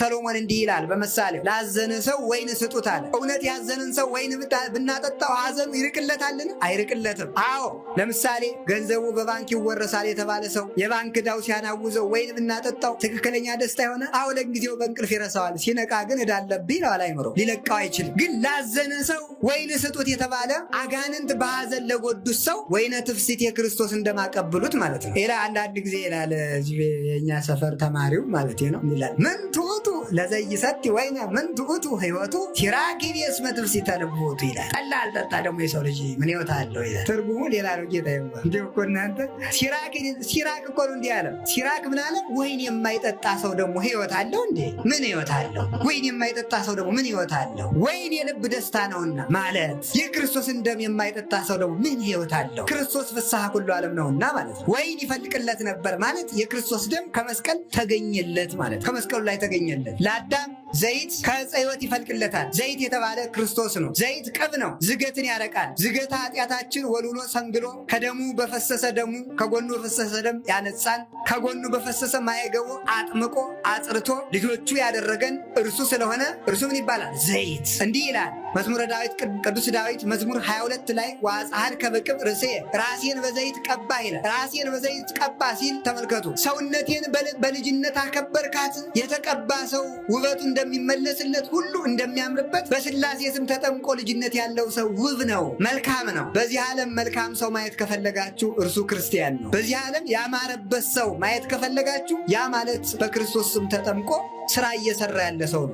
ሰሎሞን እንዲህ ይላል በምሳሌው ላዘነ ሰው ወይን ስጡት አለ። እውነት ያዘንን ሰው ወይን ብናጠጣው ሐዘኑ ይርቅለታልን? አይርቅለትም። አዎ ለምሳሌ ገንዘቡ በባንክ ይወረሳል የተባለ ሰው የባንክ ዕዳው ሲያናውዘው ወይን ብናጠጣው ትክክለኛ ደስታ የሆነ አዎ ለጊዜው በእንቅልፍ ይረሳዋል። ሲነቃ ግን እዳለብኝ ይለዋል። አይምሮ ሊለቀው አይችልም። ግን ላዘነ ሰው ወይን ስጡት የተባለ አጋንንት በሐዘን ለጎዱት ሰው ወይነ ትፍሲት የክርስቶስ እንደማቀብሉት ማለት ነው። ሌላ አንዳንድ ጊዜ ይላል የእኛ ሰፈር ተማሪው ማለት ነው ይላል ምን ትወጡ ለዘይሰቲ ወይነ ምን ትዑቱ ህይወቱ ሲራኪብ የስመ ትብሲተ ይላል። ጠላ አልጠጣ ደግሞ የሰው ልጅ ምን ህይወት አለው ይላል። ትርጉሙ ሌላ ነው። ጌታ ይባ እኮ እናንተ ሲራክ እኮ ነው እንዲህ አለ። ሲራክ ምን አለ? ወይን የማይጠጣ ሰው ደግሞ ህይወት አለው እንዴ? ምን ህይወት አለው? ወይን የማይጠጣ ሰው ደግሞ ምን ህይወት አለው? ወይን የልብ ደስታ ነውና ማለት የክርስቶስን ደም የማይጠጣ ሰው ደግሞ ምን ህይወት አለው? ክርስቶስ ፍስሐ ሁሉ ዓለም ነውና ማለት ነው። ወይን ይፈልቅለት ነበር ማለት የክርስቶስ ደም ከመስቀል ተገኘለት ማለት ከመስቀሉ ላይ ተገኘለት አይደለም። ለአዳም ዘይት ከዕፀ ሕይወት ይፈልቅለታል። ዘይት የተባለ ክርስቶስ ነው። ዘይት ቅብ ነው፣ ዝገትን ያረቃል። ዝገታ ኃጢአታችን ወልውሎ ሰንግሎ ከደሙ በፈሰሰ ደሙ ከጎኑ በፈሰሰ ደም ያነጻል። ከጎኑ በፈሰሰ ማየገቡ አጥምቆ አጽርቶ ልጆቹ ያደረገን እርሱ ስለሆነ እርሱ ምን ይባላል? ዘይት። እንዲህ ይላል መዝሙረ ዳዊት ቅዱስ ዳዊት መዝሙር 22 ላይ ዋጽሐድ ከበቅብ ርሴ ራሴን በዘይት ቀባ ይላል። ራሴን በዘይት ቀባ ሲል ተመልከቱ። ሰውነቴን በልጅነት አከበርካት። የተቀባ ሰው ውበቱ እንደሚመለስለት ሁሉ እንደሚያምርበት በስላሴ ስም ተጠምቆ ልጅነት ያለው ሰው ውብ ነው፣ መልካም ነው። በዚህ ዓለም መልካም ሰው ማየት ከፈለጋችሁ እርሱ ክርስቲያን ነው። በዚህ ዓለም ያማረበት ሰው ማየት ከፈለጋችሁ ያ ማለት በክርስቶስ ስም ተጠምቆ ስራ እየሰራ ያለ ሰው ነው።